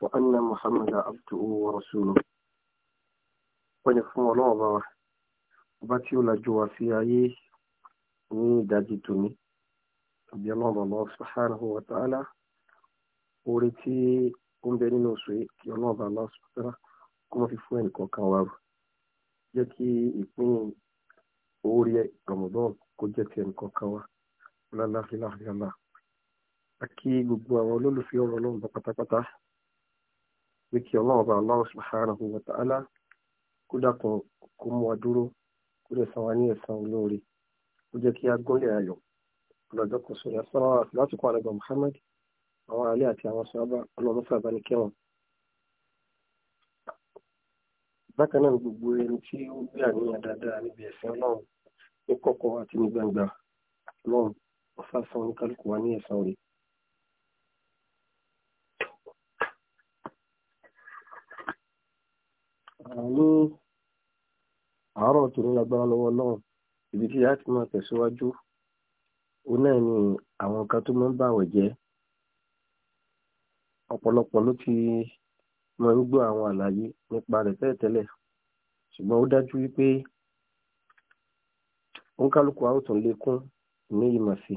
وأن محمد عبده ورسوله ونفهم الله الله وباتي ولا جوا في أيه ni ìdájí tòní àbí ọlọ́run Allah subhanahu wa ta'ala orí tí ó ń bẹ nínú oṣù yìí kí ọlọ́run Allah subhanahu kó mọ́ fi fún ẹnì kọ̀ọ̀kan wa rò jẹ́ kí ìpín orí Ramadan kó jẹ́ ti ẹnì kọ̀ọ̀kan wa lálàáfíà lálàá àkí gbogbo àwọn olólùfẹ́ ọ̀rọ̀ ọlọ́run pátápátá pé kí ọlọ́run ọba Allah subhanahu wa ta'ala kó dàkún kó mú wa dúró kó lè san wa ní ẹ̀san olóore kó jẹ́ kí a gúnlẹ̀ ayọ̀ ọlọ́jọ́ kan sórí asọ́nà láti kó àlẹ́gbà Muhammad àwọn alẹ́ àti àwọn sọ́ọ́bà ọlọ́run fún àbánikẹ́wọ̀n. bákan náà gbogbo ẹni tí ó gbé àníyàn dáadáa níbi ẹ̀sìn ọlọ́run ní kọ̀kọ̀ àti ní gbangba ọlọ́run ọ̀sán san oníkálukú wa ní ẹ̀san rẹ̀. àárọ̀ tó ní lágbára lọ́wọ́ náà ibi tí a ti máa tẹ̀síwájú ó náà ni àwọn nǹkan tó máa ń bàwẹ̀ jẹ́ ọ̀pọ̀lọpọ̀ ló ti máa ń gbọ́ àwọn àlàyé nípa rẹ̀ tẹ́lẹ̀tẹ́lẹ̀ ṣùgbọ́n ó dájú wípé òǹkálùkù àwòtún lékún ní ìmọ̀ sí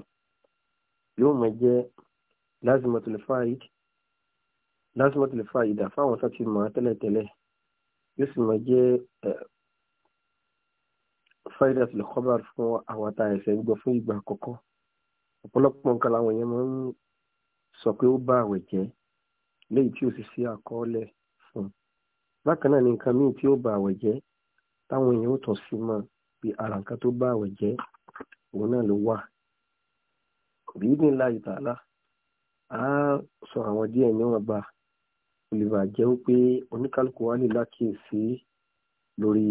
yóò máa jẹ́ lazimatul faid lazimatul faida fáwọn tó ti mọ̀ tẹ́lẹ̀tẹ́lẹ̀ yóò sì máa jẹ́ fáyidà tó lè kọ́bà fún àwọn ata ẹ̀sẹ̀ ń gbọ́ fún ìgbà àkọ́kọ́ ọ̀pọ̀lọpọ̀ nǹkan làwọn èèyàn máa ń sọ pé ó bá àwẹ̀ jẹ́ léyìí tí ó sì sí àkọọ́lẹ̀ fún bákan náà ni nǹkan míì tí ó bá àwẹ̀ jẹ́ táwọn èèyàn ó tọ̀ sí mọ́ bí ara nǹkan tó bá àwẹ̀ jẹ́ òun náà ló wà bí ní láyé tààlà á sọ àwọn díẹ̀ níwọ̀n bá olùbàjẹ́ wípé oníkálukú wa lè lákìyèsí lórí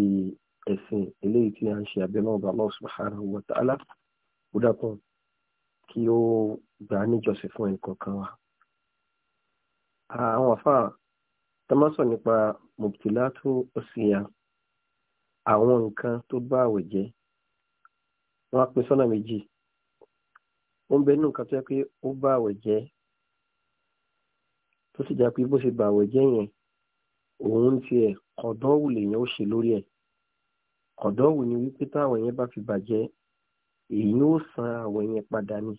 ẹ̀sìn eléyìí tí a ń ṣe abẹ́lẹ́ ọba Allah subhanahu wa ta'ala ó kí ó gbà á níjọsìn fún ẹnì kọ̀ọ̀kan wa. àwọn àfa tọ́mọ́sọ̀ nípa mubtilatu siyam àwọn nǹkan tó bá àwẹ̀ jẹ́ wọ́n á pín sọ́nà méjì ó ń bẹ nínú nǹkan tó yẹ pé ó bá àwẹ̀ jẹ́ tó sì já pé bó ṣe bá àwẹ̀ jẹ́ yẹn òun tiẹ̀ kọ̀dọ́wù lèèyàn ó ṣe lórí ẹ̀ kọ̀dọ́wù ni wípé táwọn yẹn bá fi bàjẹ́ èyí ó san àwọn yẹn padà ni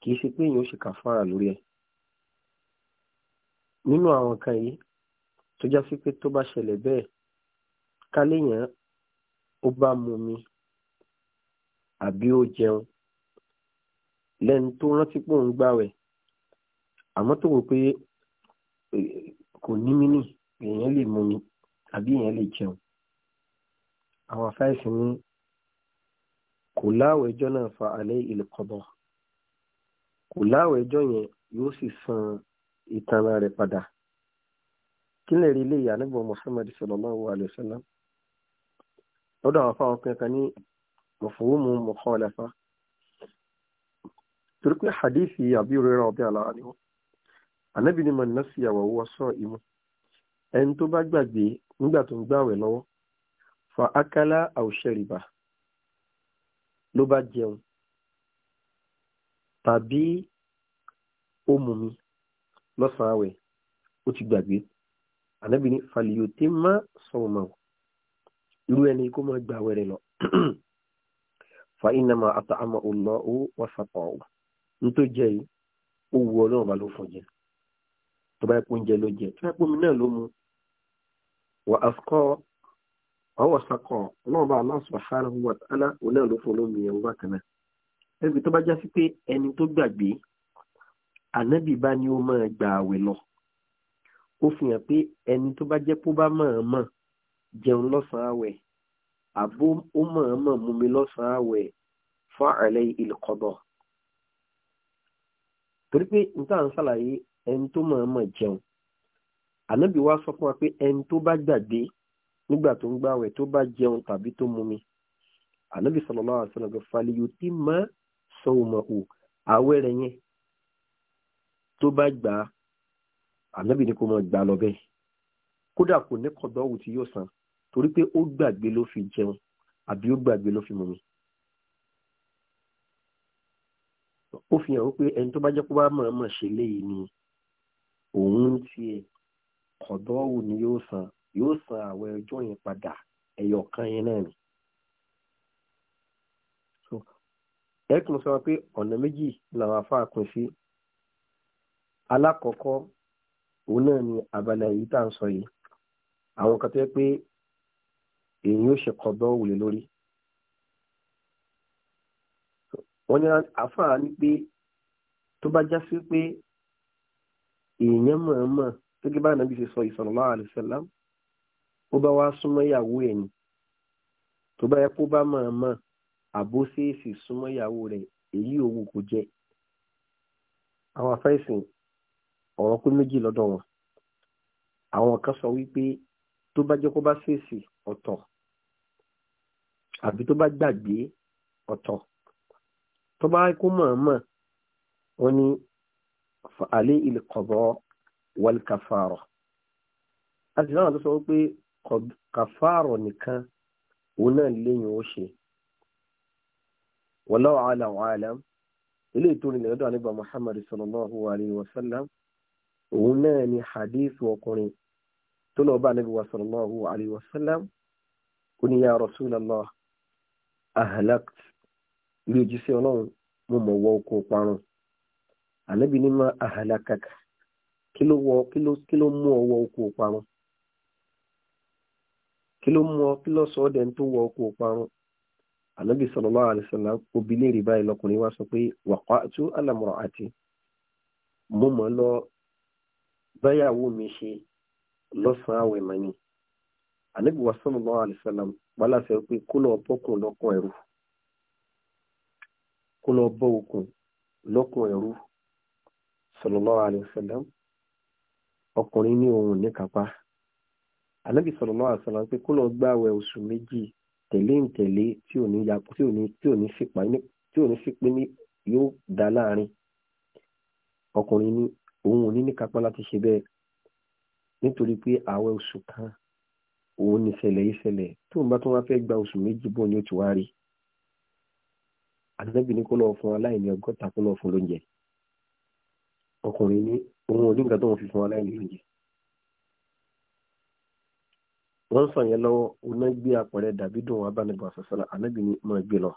kì í ṣe pé èyí ó ṣe kàfàrà lórí ẹ̀ nínú àwọn kan yìí tó já sí pé tó bá ṣẹlẹ̀ bẹ́ẹ̀ káléèyàn ó bá mumi àbí ó jẹun lẹ́nu tó rántí pé òun gbàwẹ̀ àmọ́ tó wò pé eh, kò ní mí nì èèyàn lè mumi àbí èèyàn lè jẹun àwọn afáìsì ní kò láwọ̀ ẹjọ́ náà fa alẹ́ ilẹ̀ kọ́bọ̀ kò láwọ̀ ẹjọ́ yẹn yóò sì san ìtanra rẹ̀ padà kí lè rí ilé ìyá nígbà Muhammad sallallahu alayhi wa sallam lọ́dọ̀ àwọn afáwọn kankan ní mọ̀fọ́wọ́mù mọ̀kànlẹ́fà torí pé hadithi àbí òrèrè ọ̀bẹ àlàrà anábìnrin mọ̀ nínú sí àwọ̀ wọ́ sọ ìmú ẹni tó bá gbàgbé nígbà tó ń gbàwẹ̀ lọ́wọ́ fa akala àwòṣẹ́rìbà ló bá jẹun tàbí ó mú mi lọ́sàn-án àwẹ̀ ó ti gbàgbé ànábì ní fàlìyòtè má sọ̀rọ̀ mọ́ irú ẹni kó máa gbà wẹ̀rẹ̀ lọ fa inama ata'ama Allahu wa sata'u nítorí jẹ́ yìí ó wu ọlọ́run bá ló fún jẹ tó bá yẹ kó ń jẹ ló jẹ tó yẹ kó mi náà ló mu wà á kọ́ ọwọ́ sakọ̀ ọlọ́ọ̀bá Allah subhanahu wa ta'ala òun náà ló fún olómi ẹ̀wọ̀n bákan náà ẹbí tó bá já sí pé ẹni tó gbàgbé ànábì bá ní ó máa gba àwẹ̀ lọ ó fi hàn pé ẹni tó bá jẹ́ pó bá mọ̀ọ́mọ̀ jẹun lọ́sàn-án àwẹ̀ àbó ó mọ̀ọ́mọ̀ mumi lọ́sàn-án àwẹ̀ fún àlẹ́ ìlkọ́dọ̀ torí pé n tá à ń ṣàlàyé ẹni tó mọ̀ọ́mọ̀ jẹun ànábì wá sọ fún wa pé ẹni tó bá gbàgbé nígbà tó ń gbààwẹ̀ tó bá jẹun tàbí tó mumi ànábì sallallahu alaihi wasallam fàlẹyò tí má sọwọmọ o àwẹ̀ rẹ̀ yẹn tó bá gbà á ànábì ni kò mọ gbà lọ bẹ́ẹ̀ kódà kò ní kọdọ òwò tí yóò san torí pé ó gbàgbé ló fi jẹun àbí ó gbàgbé ló fi mumi. ó fi hàn wípé ẹni tó bá jẹ́ kó bá mọ̀ọ́mọ̀ ṣe léyìí ni òun tiẹ̀ kọ̀dọ́ òun ni yóò san yóò san àwẹ̀ ọjọ́ yẹn padà ẹyọ kan yẹn náà ni. ẹ̀ẹ́dùn sọ pé ọ̀nà méjì làwọn afá kún sí alákọ̀ọ́kọ́ òun náà ni abala èyí tá à ń sọ yìí àwọn kan tó yẹ pé èyí ó ṣe kọ̀dọ̀ òwúlé lórí wọ́n ní afá ni pé tó bá já sí pé èèyàn mọ̀ọ́mọ̀ gẹ́gẹ́ bá nàbí ṣe sọ sallallahu alaihi wasallam ó bá wá súnmọ́ ìyàwó ẹ̀ ni tó bá yẹ kó bá máa mọ̀ àbó ṣèèṣì súnmọ́ ìyàwó rẹ̀ èyí òwò kò jẹ́ àwọn afẹ́sìn ọ̀rọ̀ pé méjì lọ́dọ̀ wọn àwọn kan sọ wípé tó bá jẹ́ kó bá ṣèèṣì ọ̀tọ̀ àbí tó bá gbàgbé ọ̀tọ̀ tó bá kó mọ̀ọ́mọ̀ wọn ni fa'alẹ́ ilẹ̀ kọ̀bọ̀ wal kafara. a sì náà sọ wípé kàfàrọ̀ nìkan òun náà léyìn ó ṣe wallahu a'lam wa a'lam ilé ìtòrin lẹ́dọ̀ àníbà muhammad sallallahu alayhi wa sallam òun náà ni hadith ọkùnrin tó lọ bá àníbà sallallahu alayhi wa sallam ó ní ya rasulallah ahlakt ilé òjíṣẹ́ ọlọ́run mo mọ̀ wọ oko parun ànábì ní ma ahlakaka kí ló mú ọwọ́ oko parun kí ló mú ọ kí ló sọ ọ dẹni tó wọ ọkọ parun anabi sallallahu alaihi wasallam obìnrin rẹ̀ báyìí lọkùnrin wa sọ pé waqa'tu ala imra'ati mo mọ lọ báyàwó mi ṣe lọ́sàn-án àwẹ̀ mọ́ ni anabi wa sallallahu alaihi wasallam gbalasẹ pé kó lọ bọkùn lọkùn ẹrú kó lọ bọ òkun lọkùn ẹrú sallallahu alaihi ọkùnrin ní òun ní ànábì sallallahu alaihi wasallam pé kó lọ gba àwẹ̀ oṣù méjì tẹ̀lé ń tẹ̀lé tí ò ní yàpọ̀ tí ò ní tí ò ní fipá tí ò ní fipé ní yóò dá láàrin ọkùnrin ní òun ò ní ní kápá láti ṣe bẹ́ẹ̀ nítorí pé àwẹ̀ oṣù kan òun ní ṣẹlẹ̀ yìí ṣẹlẹ̀ tóun bá tún wá fẹ́ gba oṣù méjì bóun ni ó ti wá rí ànábì ní kó lọ fún aláìní ọgọ́ta kó lọ fún lóúnjẹ ọkùnrin ní òun ò ní nǹkan tó ń fi fún aláìní lóúnjẹ wọ́n fà yẹn lọ́wọ́ oná gbé apẹ̀rẹ̀ dàbí dùn wọn abánibọ̀ àṣàṣàlà ànábì ní máa gbé lọ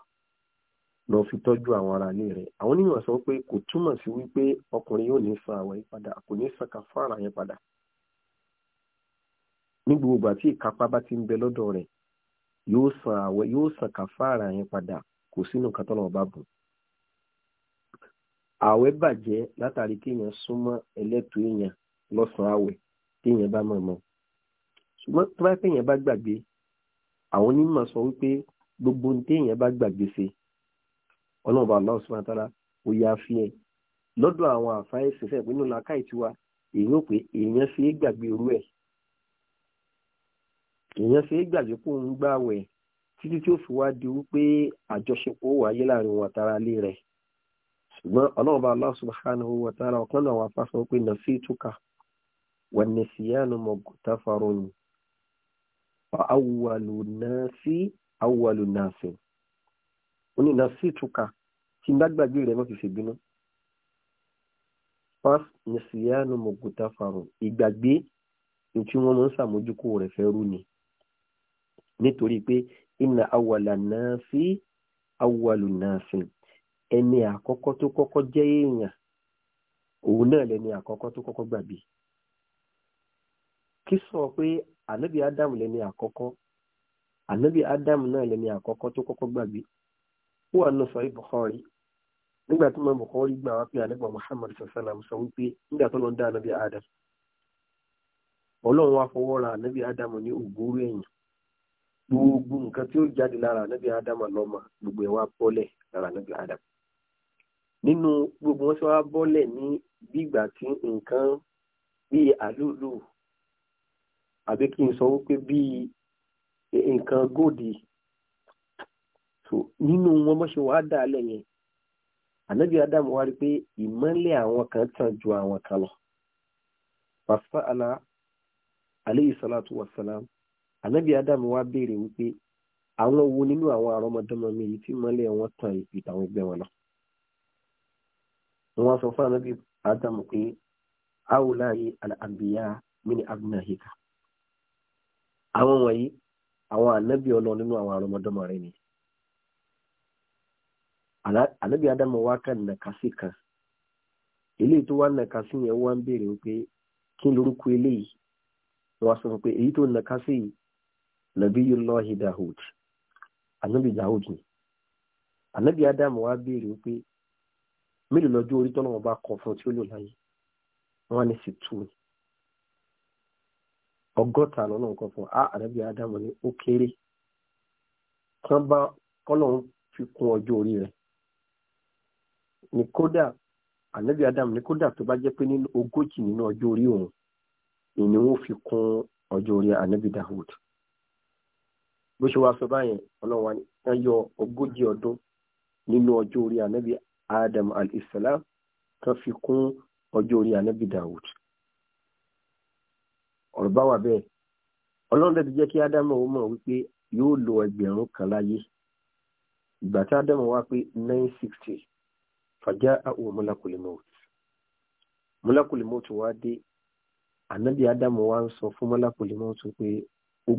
lọ fi tọ́jú àwọn ará ilé rẹ̀ àwọn onímọ̀ sọ pé kò túmọ̀ sí wípé ọkùnrin yóò ní san àwẹ̀ padà kò ní san kàfàrà yẹn padà ní gbogbo ìkápá bá ti bẹ lọ́dọ̀ rẹ̀ yóò san yóò san kò sínú ọba ṣùgbọ́n tó bá pé èèyàn bá gbàgbé àwọn onímọ̀ sọ wípé gbogbo ohun tí èèyàn bá gbàgbé ṣe ọlọ́run bá Allah subhanahu wa ta'ala ó yá fi ẹ̀ lọ́dọ̀ àwọn àfáà ẹ̀sìn fẹ́ pé nínú làákàyè tiwa èèyàn ò pé èèyàn ṣe é gbàgbé irú ẹ̀ èèyàn ṣe é gbàgbé kó ń gbàwẹ̀ títí tí ó fi wá di wípé àjọṣepọ̀ wáyé láàrin wọn àtàrà lé rẹ̀ ṣùgbọ́n ọlọ́run bá Allah subhanahu wa ta'ala ọ̀kan náà wà fásitì wípé nàfíìtùkà wà nẹ̀síyànù mọ̀gòtà faroni awùwàlù náà sí nasi náà sí oní náà sí ìtúkà tí n bá gbàgbé rẹ̀ mọ́ fi ṣèbínú. fas nisiyanu mokuta farun ìgbàgbé ní tí wọ́n mọ̀ ń sàmójúkú rẹ̀ fẹ́ rú ni nítorí pé inna awùwàlà náà sí awùwàlù náà sí ẹni àkọ́kọ́ tó kọ́kọ́ jẹ́ èèyàn òun náà lẹni àkọ́kọ́ tó kọ́kọ́ gbàgbé kí sọ ànábì adam lẹni àkọ́kọ́ ànábì ádámù náà lẹni àkọ́kọ́ tó kọ́kọ́ gbàgbé ó wà nù sọrí bukhari nígbà tí mo bukhari gbà wá pé ànábì muhammad sallam sọ wípé nígbà tó lọ dá ànábì ádámù ọlọ́run ra ní gbogbo nǹkan tí ó jáde lára ànábì adam gbogbo ẹ̀ wá bọ́lẹ̀ lára ànábì nínú gbogbo wọn avec une àbí kí n sọ wípé bíi nǹkan góòdì nínú wọn mọ́ ṣe wàá dà á lẹ́yìn ànábì Ádámù wá rí pé ìmọ́lẹ̀ àwọn kan tàn ju àwọn kan lọ pàṣẹ àlà alayhi salatu wassalam ànábì Ádámù wá béèrè wípé àwọn wo nínú àwọn àrọmọdọ́mọ mi yìí tí mọ́lẹ̀ wọn tàn ju tàwọn ẹgbẹ́ wọn lọ wọn sọ fún ànábì Ádámù pé àwòláyé al-anbiya min abnahika àwọn wọ̀nyí àwọn ànábì ọlọ́ nínú àwọn àrọmọdọ́mọ rẹ̀ ni ànábì adamu wá kà nàkásí kan eléyìí tó wá nàkásí yẹn wá ń béèrè wípé kí n lórúkọ eléyìí wọ́n sọ pé èyí tó nàkásí yìí nabiyullahi dahud ànábì dahud ni ànábì adamu wá béèrè wípé mélòó lọ́jọ́ orí tọ́nà wọn fún tí ó lò láyé wọ́n á ní sì tù ọgọ́ta lọ́nà nǹkan fún a àdàbí adamu ni ó kéré kán bá kọ́lọ́hún fi kún ọjọ́ orí rẹ̀ ni kódà ànábì adamu ní kódà tó bá jẹ́ pé nínú ogójì nínú ọjọ́ orí òun ìní wọn fi kún ọjọ́ orí ànábì dahud bó ṣe wáá sọ báyẹn ọlọ́run wa ń yọ ogójì ọdún nínú ọjọ́ orí ànábì adamu alayhisalaam kan fi kún ọjọ́ orí ànábì dahud ọ̀rọ̀ bá wà bẹ́ẹ̀ ọlọ́run dẹ̀ ti jẹ́ kí ádámù ó mọ̀ wípé yóò lo ẹgbẹ̀rún kan láyé ìgbà tí ádámù wá pé nine sixty fàjá àwọn mọ́lákùlì mọ́ọ̀tì mọ́lákùlì mọ́ọ̀tì wá dé ànábì ádámù wá ń sọ fún mọ́lákùlì mọ́ọ̀tì pé ó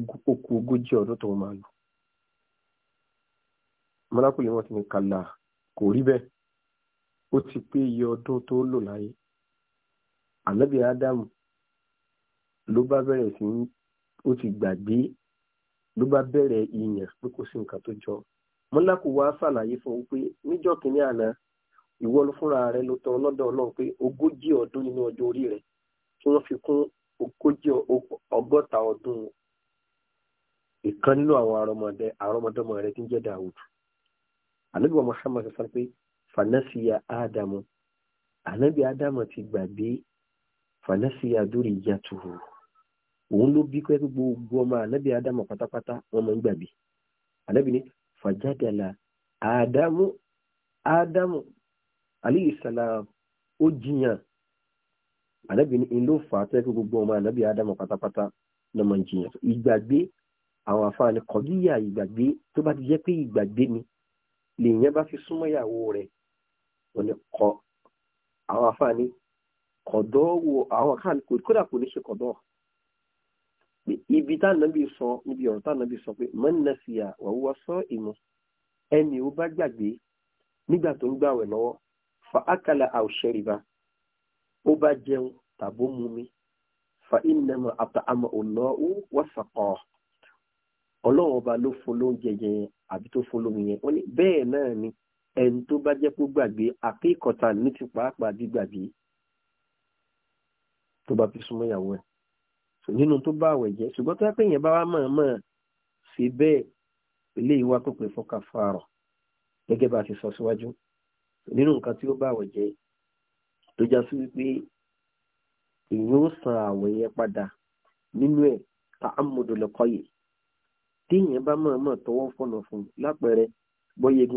kù ogójì ọdún tó máa lò mọ́lákùlì mọ́ọ̀tì ní kàlà kò rí bẹ́ẹ̀ ó ti pé iye ọdún tó lò láyé ànábì ádámù ló bá bẹ̀rẹ̀ sí ó ti gbàgbé ló bá bẹ̀rẹ̀ ìyàn pé kò sí nǹkan tó jọ mọ́lákù wá ṣàlàyé fún un pé níjọ́ kìíní àná ìwọ fúnra rẹ ló tọ ọlọ́dọ̀ náà pé ogójì ọdún nínú ọjọ́ orí rẹ tí wọ́n fi kún ogójì ọgọ́ta ọdún ìkan nínú àwọn rẹ tí ń Dawud ànábì sọ pé fanasiya Ádámù ànábì Ádámù ti gbàgbé fanasiya òun ló bí pé gbogbo ọmọ ànábì ádámù pátápátá wọn máa ń gbàgbé ànábì ní fàjádàlà Adamu ádámù alayhi salam ó jiyàn ànábì ní ló fà á tó yẹ kó gbogbo ọmọ ànábì ádámù pátápátá náà máa ń jiyàn ìgbàgbé àwọn àfààní kọ̀díyà ìgbàgbé tó bá ti jẹ́ pé ìgbàgbé ni lèèyàn bá fi súnmọ́ ìyàwó rẹ̀ wọn ni kọ́ àwọn àfààní kọ̀dọ́ wo àwọn kan kódà kò ní ṣe kọ̀dọ́ ibi tánàbí sọ níbi ọ̀rọ̀ tánàbí sọ pé mọ́nàfíà wàhùwà sọ ìmọ̀ ẹni ó bá gbàgbé nígbà tó ń gbàwẹ̀ lọ́wọ́ fa akala àwòṣẹ́rìbá ó bá jẹun tàbó mu mi fa ìnàmọ àtàmọ ọ̀nà ó wọ́sàkọ́ ọlọ́run ọba ló fún lóúnjẹ yẹn àbí tó fún yẹn ó ní bẹ́ẹ̀ náà ni ẹni tó bá jẹ́ kó gbàgbé àkíkọ̀tà ní ti pàápàá bí gbàgbé tó bá fi súnmọ́ ìyàwó nínú tó bá àwẹ̀ jẹ́ ṣùgbọ́n tó yẹ pé èèyàn bá wá mọ̀ọ́mọ̀ ṣe bẹ́ẹ̀ eléyìí wá tó pè fún kàfàrọ̀ gẹ́gẹ́ bá ti sọ síwájú nínú nǹkan tí ó bá àwẹ̀ jẹ́ tó já wípé ó san àwẹ̀ yẹn padà nínú ẹ̀ ta amúdòlẹ́kọ́ yìí tí èèyàn bá mọ̀ọ́mọ̀ tọwọ́ fọ̀nà fún lápẹẹrẹ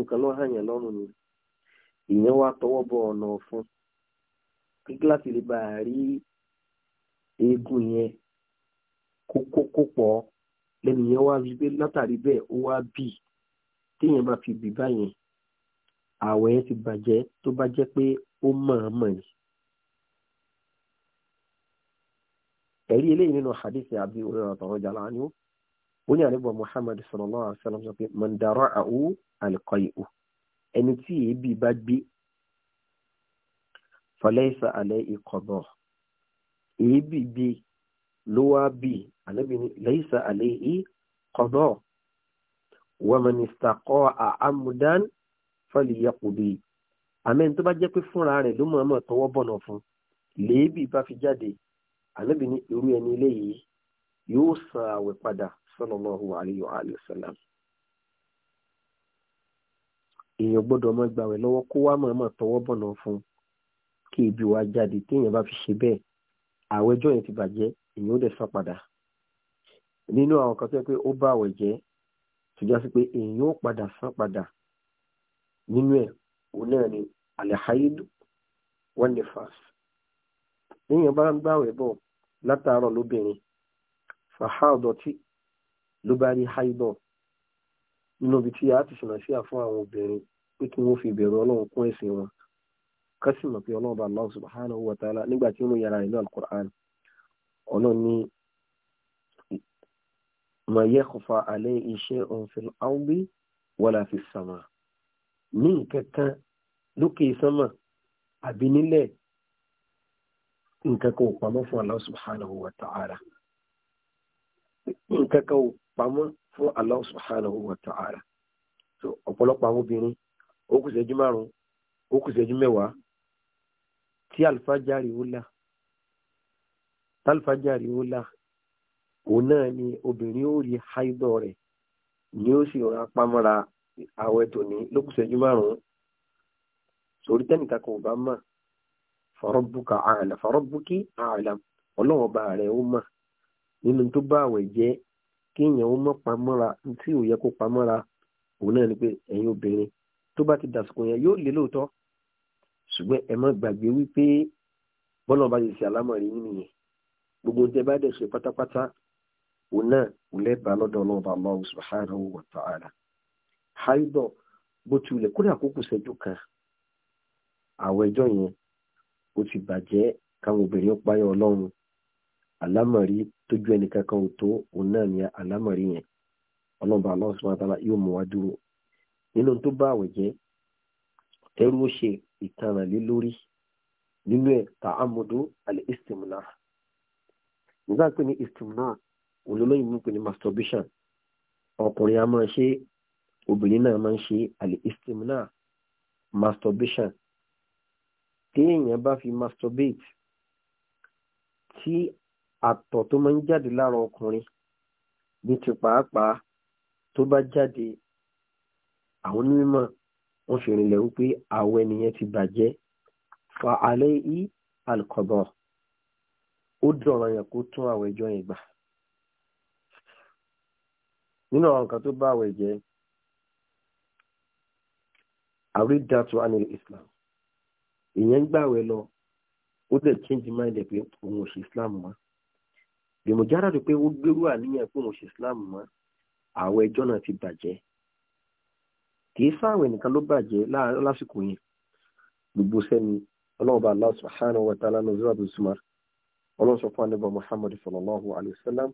kan yẹn ni wá tọwọ́ bọ ọ̀nà ọ̀fun kókó kópọ̀ lẹ́nìyẹn wá rí pé látàrí bẹ́ẹ̀ ó wá bì téèyàn bá fi bì báyẹn ààwẹ̀ yẹn ti bàjẹ́ tó bá jẹ́ pé ó mọ̀ọ́mọ̀ ni. ẹ̀rí eléyìí nínú hadith àbí orin àtọ̀rọ̀ jàlá ni ó ó ní àlebọ̀ Muhammad sallallahu alaihi wasallam sọ pé mandara àwọ alqai'u ẹni tí èébì bá gbé falaysa alaihi qada èébì bíi ló wá bì ànábì ní laysa alayhi qada wa man istaqa'a amdan falyaqdi àmẹ́ni tó bá jẹ́ pé fúnra rẹ̀ ló mọ̀ọ́mọ̀ tọwọ́ bọ̀nà fún lèébì bá fi jáde ànábì ní irú ẹni ilé yìí yóò san àwẹ̀ padà sallallahu alayhi wa alihi wa sallam. èèyàn gbọ́dọ̀ máa gbàwẹ̀ lọ́wọ́ kó wá mọ̀ọ́mọ̀ tọwọ́ bọ̀nà fún kí ibi wa jáde téèyàn bá fi ṣe bẹ́ẹ̀ àwẹ̀jọ́ yẹn ti bàjẹ́ èyí ó dẹ̀ san padà nínú àwọn kan tó yẹ pé ó bá àwẹ̀ jẹ́ ṣùgbọ́n sí pé èyí ó padà san padà nínú ẹ̀ òun náà ni alihaidu wọn ni fas níyàn bá ń gbàwẹ̀ bọ̀ látàárọ̀ lóbìnrin fàhádọ̀ tí ló bá rí haidọ̀ nínú ibi tí a ti ṣìnà sí àfún àwọn obìnrin pé kí wọ́n fi ìbẹ̀rù ọlọ́run kún ẹ̀sìn wọn kásìmọ̀ pé ọlọ́run bá Allah subhanahu wa ta'ala nígbà tí ó ń yàrá ìlú al ọlọ́run ní ma yakhfa alayhi shay'un fil ardi wala fis sama ní nǹkan kan lókè sánmà àbí nílẹ̀ nǹkan kan ò pamọ́ fún Allah subhanahu wa ta'ala nǹkan kan ò pamọ́ fún Allah subhanahu wa ta'ala so ọ̀pọ̀lọpọ̀ àwọn obìnrin ó kù ṣẹ́jú márùn ó kù ṣẹ́jú mẹ́wàá tí àlùfáàjáre ó là tálfàjárì ó là òun náà ni obìnrin ó rí háídọ̀ rẹ̀ ni ó sì rọra pamọ́ra àwẹ̀ tòní lókùsẹ́jú márùn-ún sórí tẹ́nìkan kan ò bá mọ̀ farabbuka a'lam farabbuki a'lam ọlọ́wọ́ bá rẹ̀ ó mọ̀ nínú tó bá àwẹ̀ jẹ́ kéèyàn ó mọ̀ pamọ́ra tí ò yẹ kó pamọ́ra òun náà ni pé ẹ̀yin obìnrin tó bá ti dàsìkò yẹn yóò lé lóòótọ́ ṣùgbọ́n ẹ má gbàgbé wípé bọ́lá ọba yìí ṣe alámọ̀rí nìyẹn gbogbo tẹ bá dẹ̀ ṣe pátápátá òun náà kò lẹ́bàá lọ́dọ̀ ọlọ́ọ̀bà Allahu subhanahu wa ta'ala haidọ̀ bó ti wulẹ̀ kúrẹ́ àkókò ṣẹ́jú kan àwọn ẹjọ́ yẹn ó ti bàjẹ́ káwọn obìnrin ó páyọ̀ ọlọ́run àlámọ̀rí tójú ẹnìkan kan ò tó òun náà ni àlámọ̀rí yẹn ọlọ́ọ̀bà Allahu subhanahu wa ta'ala yóò mú wa dúró nínú tó bá àwẹ̀ jẹ́ ẹrú ó ṣe ìtanràn lé lórí nínú ẹ̀ tààmùdó al-istimna nígbà pé ní istimna olólóyìn mú pé ní masturbation ọkùnrin a máa ṣe obìnrin náà máa ń ṣe àlè istimna masturbation tí èèyàn bá fi masturbate tí àtọ̀ tó máa ń jáde lára ọkùnrin ní ti pàápàá tó bá jáde àwọn onímọ̀ wọ́n fi rìnlẹ̀ wípé àwọ̀ ẹnìyẹn ti bàjẹ́ fa alẹ́ yìí alkọ̀bọ̀ ó dọ̀rọ̀ yẹn kó tún àwẹ̀ ẹjọ́ yẹn gbà nínú àwọn nǹkan tó bá àwẹ̀ jẹ́ àrídàtú anil islam ìyẹn ń gbàwẹ̀ lọ ó dẹ̀ change mind ẹ̀ pé òun ò ṣe islam mọ́ dèmọ̀jára rẹ̀ pé ó gbérú àníyàn pé òun ò ṣe islam mọ́ àwẹ̀ ẹjọ́ náà ti bàjẹ́ kìí sáwẹ̀ nìkan ló bàjẹ́ lásìkò yẹn gbogbo sẹ́ni ọlọ́ọ̀bà Allah subhanahu wa ta'ala nuzrat al-sumar ọlọ́run sọ fún anábọ̀ muhammad sallallahu alayhi wa sallam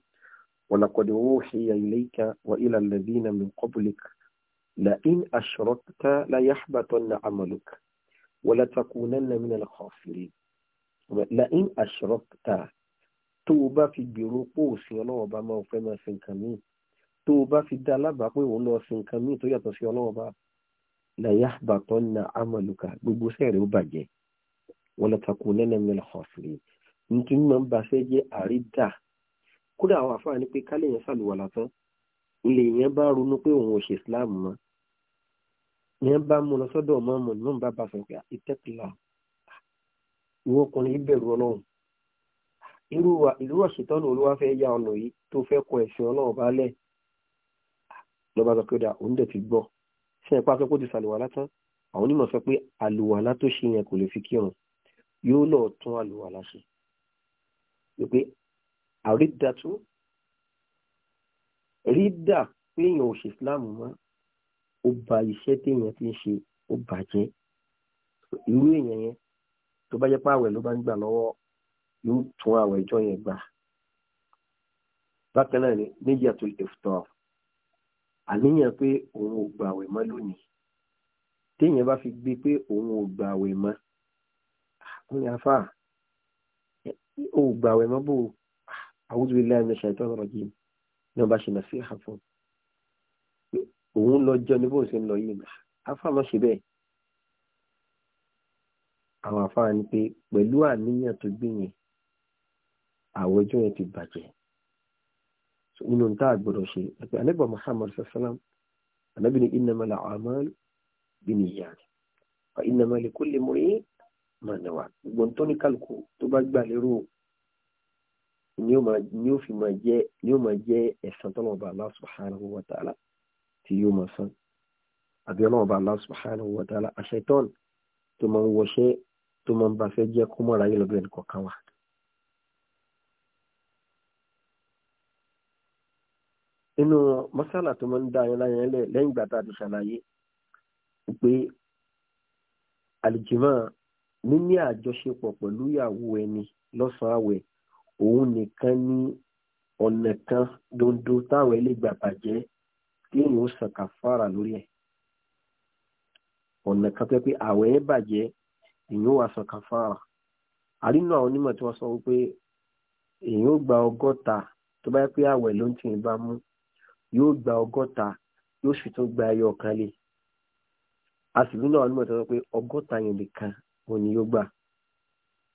walaqad wuhiya ilayka wa ila alladhina min qablik la in ashrakta la yahbatanna amaluk wa la takunanna min al-khasirin la in ashrakta tó o bá fi gbèrò pé òsìn ọlọ́wọ́ bá máa fẹ́ máa sin nǹkan tó o bá fi dá lábàá pé òun lọ sin nǹkan tó yàtọ̀ sí ọlọ́wọ́ bá la yahbatanna amaluka gbogbo sẹ́ẹ̀rẹ̀ ó bàjẹ́ wa la takunanna min nítorí máa ń ba fẹ́ jẹ́ àrídà kódà àwọn àfáà ní pé kálẹ̀ yẹn ṣàlùwàlà tán ilé yẹn bá ronú pé òun ò ṣe islam mọ́ yẹn bá mú lọ sọ́dọ̀ mọ́mù náà bá ba sọ pé ah, ìtẹ́kìlá ìwọ ọkùnrin yìí bẹ̀rù ọlọ́run irú ìlú àṣetọ́nù olúwa fẹ́ yá ọ̀nà yìí tó fẹ́ kọ ẹ̀sìn ọlọ́run bá lẹ̀ lọ́ba sọ pé dà òun dẹ̀ ti gbọ́ ṣe ẹ̀pá sọ pé ó ti ṣàlùwàlá tán àwọn onímọ̀ sọ pé àlùwàlá tó ṣe yẹn kò lè fi kírun yóò lọ tún àlùwàlá ṣe wípé àrídà tó rídà péyàn ò ṣe islam mọ́ ó ba iṣẹ́ téèyàn ti ń ṣe ó bàjẹ́ irú èèyàn yẹn tó bá jẹ́ pé àwẹ̀ ló bá ń gbà lọ́wọ́ yóò tún àwẹ̀ ìjọ yẹn gbà bákan náà ni méjì àtúntò ìfútọ́ àníyàn pé òun ò gbà àwẹ̀ mọ́ lónìí téèyàn bá fi gbé pé òun ò gbà àwẹ̀ mọ́ ó ah, ní afáà ò gbàwẹ̀ mọ́ bò a'udhu billahi minash shaitanir rajim ní ọba ṣe nà sí àfọ̀n òun lọ jẹ́ ní bóun ṣe ń lọ yìí nà afá mọ́ ṣe bẹ́ẹ̀ àwọn afá ni pé pẹ̀lú àníyàn tó gbé yẹn àwọn ẹjọ́ yẹn ti bàjẹ́ nínú tá a gbọdọ̀ ṣe àti anábà Muhammad sallam anábì ní innama al-a'malu binniyat wa innama likulli imri'in ma nawa gbogbo ntọ́ni kálukú tó bá gbà lérò ni yóò fi máa jẹ́ ni yóò máa jẹ́ ẹ̀san tọ́lọ́wọ́ bá Allah subhanahu wa ta'ala tí yóò máa san àbí ọlọ́wọ́ bá Allah subhanahu wa ta'ala àṣetán tó máa ń wọṣẹ́ tó máa ń bá fẹ́ jẹ́ kó mọ́ra yìí lọ́dọ̀ ẹnìkan kan wà. nínú mọ́sálà tó máa ń dá yẹn láyẹn lẹ̀ lẹ́yìn ìgbà tá a ti ṣàlàyé pé àlìjìmọ́ níní àjọṣepọ̀ pẹ̀lú ìyàwó ẹni lọ́sàn-án àwẹ̀ òun nìkan ní ọ̀nà kan dondo táwọn ẹlẹ́gbà bàjẹ́ kéèyàn ó san kàfàrà lórí ẹ̀ ọ̀nà kan tó yẹ pé àwẹ̀ ẹ̀ bàjẹ́ èèyàn ó wá san kàfàrà àrínú àwọn onímọ̀ tí wọ́n sọ wípé èèyàn ó gba ọgọ́ta tó bá yẹ pé àwẹ̀ ló ń tì í bá mú yóò gba ọgọ́ta yóò sì tún gba ẹyọ kan lé a sì nínú àwọn onímọ̀ tó sọ pé ọgọ́ta yẹn nìkan òun ni yóò gbà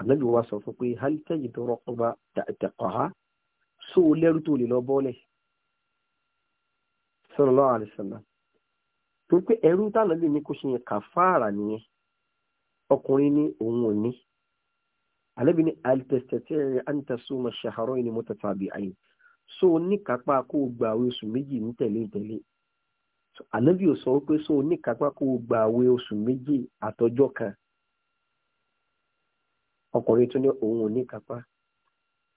ànábì wa sọ fún pé halitẹ́yìn tó rọ́pọ́bá tàkọ́há só o lẹ́rú tó lè lọ bọ́lẹ̀ sallallahu alaihi wasallam tó pé ẹrú tànàbí ní kò ṣe yẹn kàfàrà nìyẹn ọkùnrin ní òun ò ní ìní o ní kápá kó o àwọn oṣù méjì ní tẹ̀lé tẹ̀lé ànábì ò sọ pé só o kó o àwọn oṣù méjì ọkùnrin tó ní òun ò ní kápá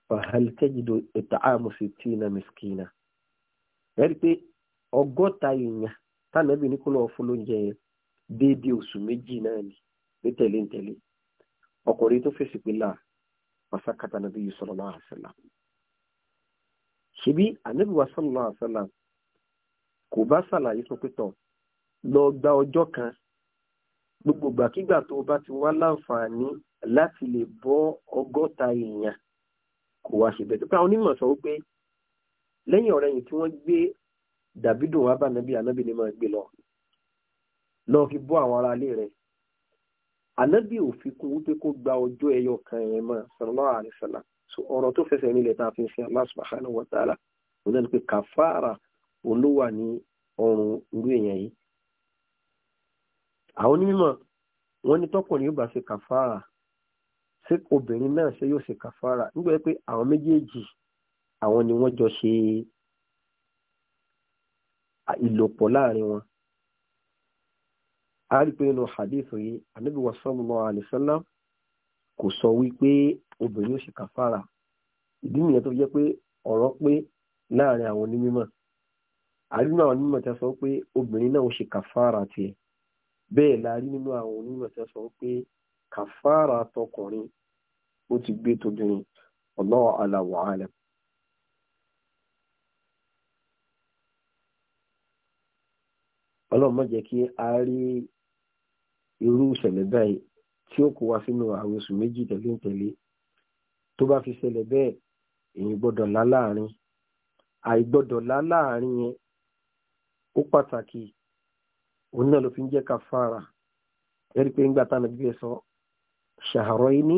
fàhálítẹ́jìdò ìtààmù fìtínà mìskínà rẹ́rí pé ọgọ́ta èèyàn tánàbí ní kó lọ́ọ́ fún lóúnjẹ yẹn déédéé oṣù méjì náà ni ní tẹ̀léńtẹ̀lé ọkùnrin tó fèsì pé láà pàṣákàtà nàbí yìí sọ̀rọ̀ náà àṣẹlá ṣebí ànábì wa sọ̀rọ̀ náà àṣẹlá kò bá ṣàlàyé fún pẹ́tọ̀ lọ gba ọjọ́ kan gbogbo ìgbàkígbà tó o bá ti wá láǹfààní láti lè bọ́ ọgọ́ta èèyàn kò wá ṣe bẹ́ẹ̀ tó pé àwọn onímọ̀ sọ wípé lẹ́yìn ọ̀rẹ́yìn tí wọ́n gbé dàbídò wá bá nàbí ànábì ni máa gbé lọ lọ fi bọ́ àwọn ará ilé rẹ̀ ànábì ò fi kún wípé kó gba ọjọ́ ẹyọ kan yẹn mọ́ sallallahu alaihi so ọ̀rọ̀ tó fẹsẹ̀ nílẹ̀ tá a fi ń sin Allah subhanahu wa ta'ala òun náà ni pé kàfàrà òun ní ọrùn irú èèyàn yìí àwọn onímọ̀ wọ́n ní tọkùnrin yóò bá ṣe kàfàrà ṣé obìnrin náà ṣe yóò ṣe kàfàrà nígbà pé àwọn méjèèjì àwọn ni wọn jọ ṣe ìlòpọ̀ láàrin wọn a rí pé nínú hadith yìí Ànábì wa sallallahu kò sọ wípé obìnrin ó ṣe kàfàrà ìdí nìyẹn tó jẹ́ pé ọ̀rọ̀ pé láàrin àwọn onímọ̀ àrínú àwọn onímọ̀ sọ pé obìnrin náà ó ṣe kàfàrà tiẹ̀ bẹ́ẹ̀ la rí nínú àwọn onímọ̀ sọ pé kàfàrà tọkùnrin ó ti gbé tóbìnrin Allahu a'la wa a'lam. ọlọ́run má jẹ́ kí a rí irú ìṣẹ̀lẹ̀ báyìí tí ó kó wa sínú àwọn oṣù méjì tẹ̀léǹtẹ̀lé tó bá fi ṣẹlẹ̀ bẹ́ẹ̀ èyí gbọ́dọ̀ lá láàrin àìgbọ́dọ̀ lá yẹn ó pàtàkì òun náà ló fi ń jẹ́ kàfàrà ẹ̀rí pé ńgbà táwọn ẹbí ẹ sọ ṣàárọ̀ yìí ní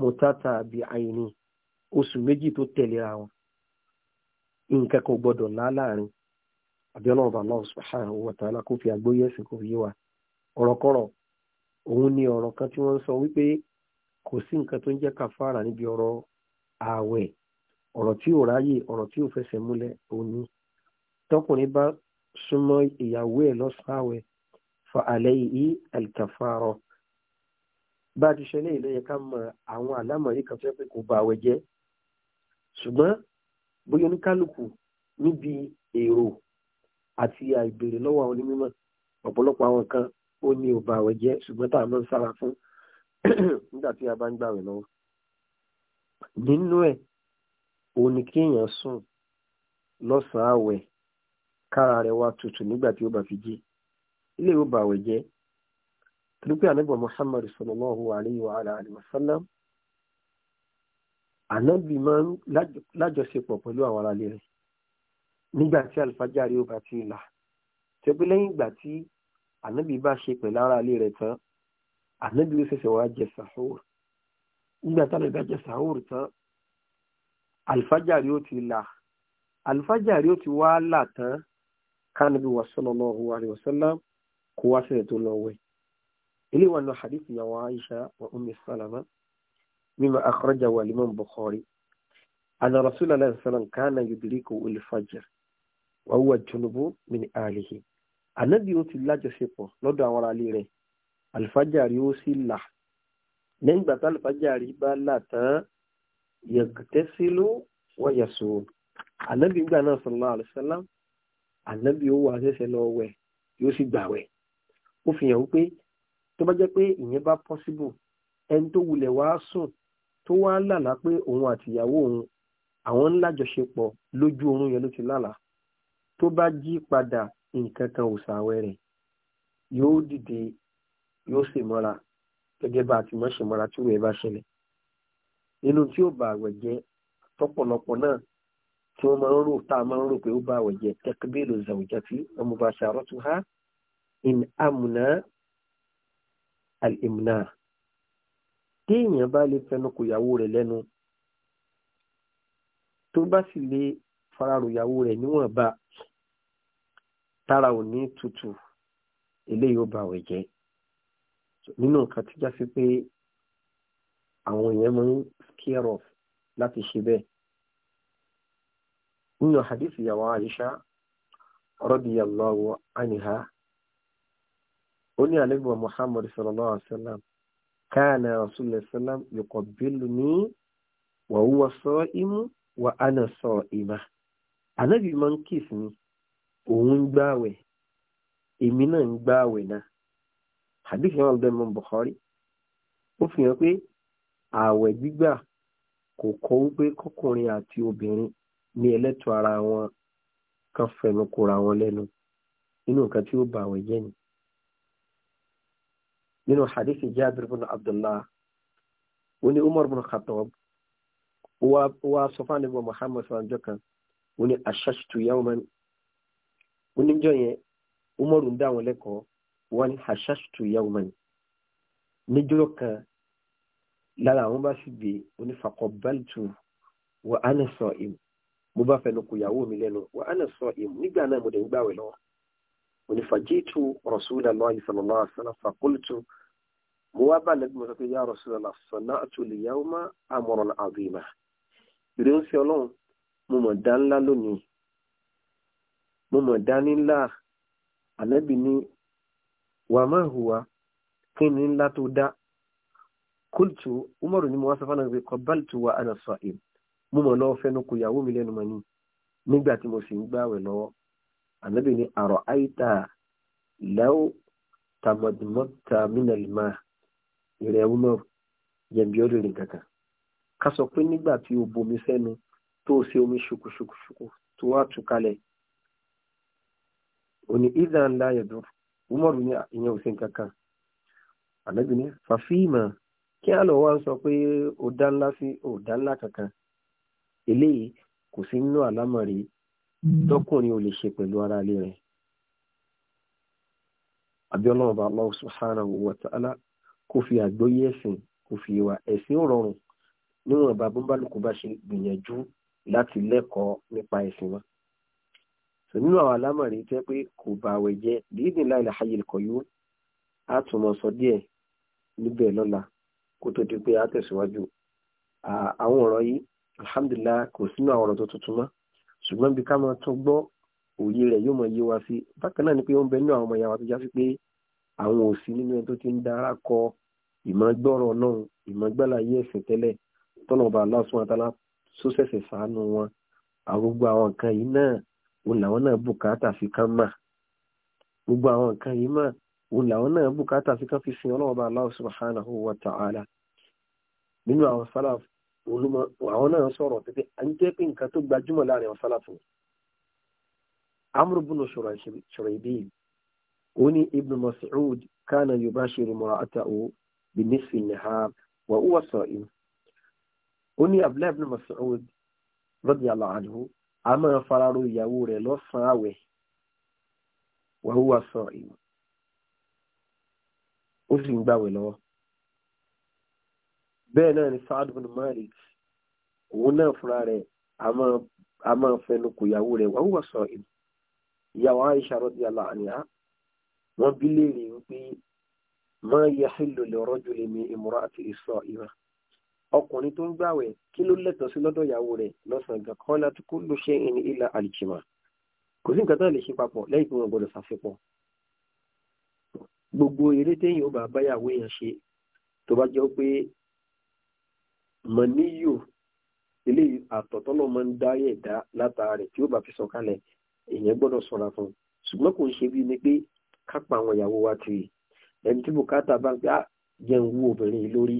mọ̀tátà àbí àìní oṣù méjì tó tẹ̀léra wọn nǹkan kan gbọ́dọ̀ lá láàrin àbí ọlọ́run bá lọ́wọ́ subhanahu wa ta'ala kó fi àgbóyè ẹ̀sìn kó fi yé wa ọ̀rọ̀kọ̀rọ̀ òun ni ọ̀rọ̀ kan tí wọ́n ń sọ wípé kò sí nǹkan tó ń jẹ́ kàfàrà níbi ọ̀rọ̀ ààwẹ̀ ọ̀rọ̀ tí ò ráyè ọ̀rọ̀ tí ò fẹsẹ̀ múlẹ̀ òun tọkùnrin bá súnmọ́ ìyàwó ẹ̀ lọ́sàn-án ààwẹ̀ fa alayhi al-kafara bá a ti ṣe léyìn ló yẹ ká mọ àwọn àlámọ̀rí kan tó yẹ pé kò ba àwẹ̀ jẹ́ ṣùgbọ́n bóyá oníkálukú níbi èrò àti àìbèrè lọ́wọ́ àwọn onímọ̀ ọ̀pọ̀lọpọ̀ àwọn kan ó ní ò ba àwẹ̀ jẹ́ ṣùgbọ́n tá a máa ń sára fún nígbà tí a bá ń gbàwẹ̀ lọ́wọ́ nínú ẹ̀ òun ni kéèyàn sùn lọ́sàn-án kára rẹ̀ wá tutù nígbà tí ó bá fi jí ilé ò ba àwẹ̀ jẹ́ torípé ànábì muhammad sallallahu alayhi wa alayhi wa sallam ànábì máa ń lájọṣepọ̀ pẹ̀lú àwọn aráalé rẹ̀ nígbà tí alifájáre ó bá ti là ṣe pé lẹ́yìn ìgbà tí ànábì bá ṣe pẹ̀lú aráalé rẹ̀ tán ànábì ó ṣẹ̀ṣẹ̀ wá jẹ sàhóòrù nígbà tí ànábì bá jẹ sàhóòrù tán alifájáre ó ti là alifájáre ó ti wá là tán kánàbí wa sallallahu alayhi wa kó wá sílẹ̀ إلي وأن حديث يا عائشة وأم سلمة مما أخرجه الإمام البخاري أن رسول الله صلى الله عليه وسلم كان يدركه الفجر وهو جنوب من أهله ànábì ó ti lájọṣepọ̀ lọ́dọ̀ àwọn ará ilé rẹ̀ àlùfájàrí ó sì là lẹ́yìn ìgbà tá àlùfájàrí bá là tán yẹ̀gùtẹ́sílú wọ̀yẹ̀sọ ànábì ìgbà náà sallallahu alaihi wasallam ànábì wà ṣẹ̀ṣẹ̀ lọ wẹ̀ yóò sì gbàwẹ̀ ó fi hàn wípé tó bá jẹ́ pé ìyẹn bá possible ẹni tó wulẹ̀ wá sùn tó wá lálà pé òun àtìyàwó òun àwọn ń lájọṣepọ̀ lójú oorun yẹn ló ti lálà tó bá jí padà nǹkan kan ò sàwẹ̀ rẹ̀ yóò dìde yóò sì mọ́ra gẹ́gẹ́ bá a ti mọ́ mọ́ra tí wọ́n bá ṣẹlẹ̀ nínú tí ó bá àwẹ̀ jẹ́ tọ́pọ̀lọpọ̀ náà tí wọ́n máa ń rò tá a máa ń rò pé ó bá àwẹ̀ jẹ́ tẹ́kíbílù zàwùjá tí ọmọ bá ṣàrọ́tù ha in amúnà al-imna téèyàn bá lè fẹnu kò ìyàwó rẹ̀ lẹ́nu tó bá sì lè fararò ìyàwó rẹ̀ níwọ̀nba tára ò ní tutù eléyìí ó ba àwẹ̀ jẹ́ nínú nǹkan tí já sí pé àwọn èèyàn máa ń scare off láti ṣe bẹ́ẹ̀ nínú hadith ìyàwó Aisha radiyallahu anha oní àlẹ́gbọ̀n muhammad sallallahu alaihi wa sallam káàna rasulillah sallam yuqabbiluni wa huwa sa'imu wa ana sa'ima ànábì máa ń ni sí mi òun ń gbààwẹ̀ na náà ń gbààwẹ̀ náà hadith yẹn wà lọ́dọ̀ Imam Bukhari ó fi hàn pé ààwẹ̀ gbígbà kò kọ́ wípé kọkùnrin àti obìnrin ní ẹlẹ́tọ̀ ara wọn kan fẹnu kóra wọn lẹ́nu nínú nǹkan tí ó bà àwẹ̀ jẹ́ ni. nínú hadithi jabir bin abdullah ó ní umar bin khattab ó wá sọ fún àníbọ̀ muhammad sọ̀rọ̀ ọjọ́ kan ó ní ashashtu yawman ó ní jọ yẹn umar ń dá àwọn lẹ́kọ̀ọ́ wọ́n ní ashashtu yawman níjọ́ kan lára àwọn bá sì gbé onífàkọ̀bẹ́lìtù wọ ánà sọ ìm mo bá fẹnu kò yàwó mi lẹ́nu wọ ánà sọ ìm nígbà mo dẹ̀ ń gbàwẹ̀ onífàjìtù rọ̀ṣúlẹ̀ lọ́yìn sọ̀rọ̀lá àṣàlá fàkúlùtù mo wá bá nàbí mo sọ pé yá rọ̀ṣúlẹ̀ àṣàlá àtúlẹ̀ yàwó má àmọ̀ràn àbìmá ìrẹ́ ń fi ọlọ́run mo mọ̀ dá ńlá lónìí mo mọ̀ dá ní ńlá ànábì ní wà má hùwà kí ni ńlá tó dá kúlùtù umaru ni mo wá sọ fún àwọn kọbáltù wa ànàṣọ ìm mo mọ̀ lọ́wọ́ fẹ́nu kò yàwó mi lẹ́nu mọ́ ni nígbà tí mo sì ń gbààwẹ̀ lọ́wọ́ ànábì ní àrọ̀ àìtà lẹ́wọ̀ tàmọ̀dìmọ́ta mínàlìmá ìrẹ̀ ọmọ yẹ̀mí ọ̀rẹ́ rìn kankan ká sọ pé nígbà tí o bomi sẹ́nu tó o ṣe omi ṣukuṣukuṣuku tó wá tú kalẹ̀ òní ìdá ńlá yẹ̀dọ̀ umaru ní ìyẹn ò sí kankan ànábì ní fàfíìmà kí á lọ wá ń sọ pé o dá ńlá sí o dá ńlá kankan eléyìí kò sí nínú àlámọ̀rí tọkùnrin ò lè ṣe pẹ̀lú ara ilé rẹ̀ abiola ọba allah subhanahu wa ta'ala kò fi àgbọ́yé ẹ̀sìn kò fi ìwà ẹ̀sìn ò rọrùn níwọ̀n bá bọ́ńbálùkù bá ṣe gbìyànjú láti lẹ́kọ̀ọ́ nípa ẹ̀sìn wọn nínú àwọn alámọ̀rí tẹ́ pé kò bá àwẹ̀ jẹ́ bíbìn láìlà ayé ìkọ̀ yóò á tún mọ sọ díẹ̀ níbẹ̀ lọ́la kó tó di pé á tẹ̀síwájú àwọn ọ̀rọ̀ yìí alhamdulillah kò sínú àwọn ọ̀rọ̀ tó tuntun mọ́ ṣùgbọ́n bí ká máa tún gbọ́ òye rẹ̀ yóò mọ iye wa sí bákan náà ni pé ó ń bẹ nínú àwọn ọmọ ìyá wa tó já sí pé àwọn òsì nínú ẹni tó ti ń dára kọ ìmọ̀gbọ́rọ̀ náà ìmọ̀gbàláyé ẹ̀sìn tẹ́lẹ̀ tọ́nà ọba aláṣọ àtàlà sóṣẹ̀ṣẹ̀ sàánú wọn àgbogbo àwọn nǹkan yìí náà òun làwọn náà bùkátà fi kán mà gbogbo àwọn nǹkan yìí mà òun làwọn náà bùkátà fi kán fi sin ọlọ́wọ́ aláṣọ subhanahu wa ta'ala nínú àwọn sálàfù olùmọ̀ àwọn náà sọ̀rọ̀ pé à ń jẹ́ pé nǹkan tó gbajúmọ̀ láàrin àwọn sálàfù amr ibn shuraibi ó ní ibn mas'ud kana yubashiru mar'atahu bi nisfi nahar wa huwa sa'im ó ní abdullah ibn mas'ud radiyallahu anhu a máa fararo ìyàwó rẹ̀ lọ́sàn-án àwẹ̀ wa huwa sa'im ó sì ń gbàwẹ̀ lọ́wọ́ bẹ́ẹ̀ náà ni Saad bin Malik òun náà fúnra rẹ̀ a máa fẹnu kò ìyàwó rẹ̀ wọ́n wọ̀ sọ ìlú ìyàwó Aisha radiyallahu anha wọ́n bí léèrè wípé ma yahillu li rajuli min imra'ati sa'ima ọkùnrin tó ń gbàwẹ̀ kí ló lẹ́tọ̀ọ́ sí lọ́dọ̀ ìyàwó rẹ̀ lọ́sàn-án gan kọ́lá tí kullu shay'in illa al-jima' kò sí nǹkan tó lè ṣe papọ̀ lẹ́yìn tí wọ́n gbọ́dọ̀ ṣàfipọ̀ gbogbo eré téèyàn ó bá báyàwó èèyàn ṣe tó bá jẹ́ pé mọ̀níyò eléyìí àtọ̀tọ́lọ́ máa ń dá ẹ̀dá látàrí tí ó bá fi sọ kalẹ̀ èèyàn gbọ́dọ̀ sọ̀ra fún un ṣùgbọ́n kò ń ṣe bíi ni pé ká pa àwọn ìyàwó wa tì ẹni tí bùkátà bá ń pẹ́ ah, jẹun wú obìnrin yìí lórí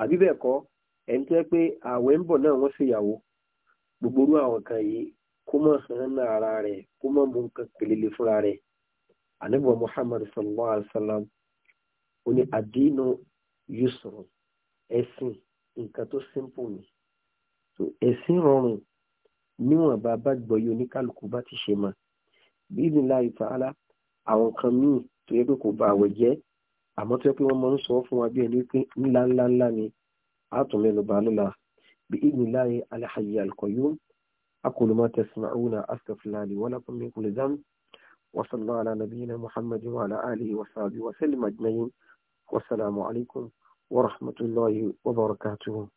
àbí bẹ́ẹ̀ kọ́ ẹni tó yẹ pé ààwẹ̀ ń bọ̀ náà wọ́n sì yàwó gbogbo orú àwọn kan yìí kó mọ̀ hàn ara rẹ̀ kó mọ̀ mú nǹkan pèlele fúnra rẹ̀ àníbọ̀ Muhammad sallallahu alayhi wa sallam ó ní àdínú yusuf ẹ̀sìn nǹkan tó simple ni so ẹ̀sìn rọrùn níwọ̀n bá bá gbọ́yé oníkálukú bá ti ṣe mọ́ bíbí láì fàálà àwọn kan míì tó yẹ pé kò bá àwẹ̀ jẹ́ àmọ́ tó yẹ pé wọ́n máa ń sọ fún wa bí ẹni pé ńlá ńlá ńlá ni àtúnmẹ́nu bá lọ́la بإذن الله الحي القيوم أقول ما تسمعون أستغفر الله لي ولكم من كل ذنب وصلى على نبينا محمد وعلى آله وصحبه وسلم أجمعين والسلام عليكم ورحمة الله وبركاته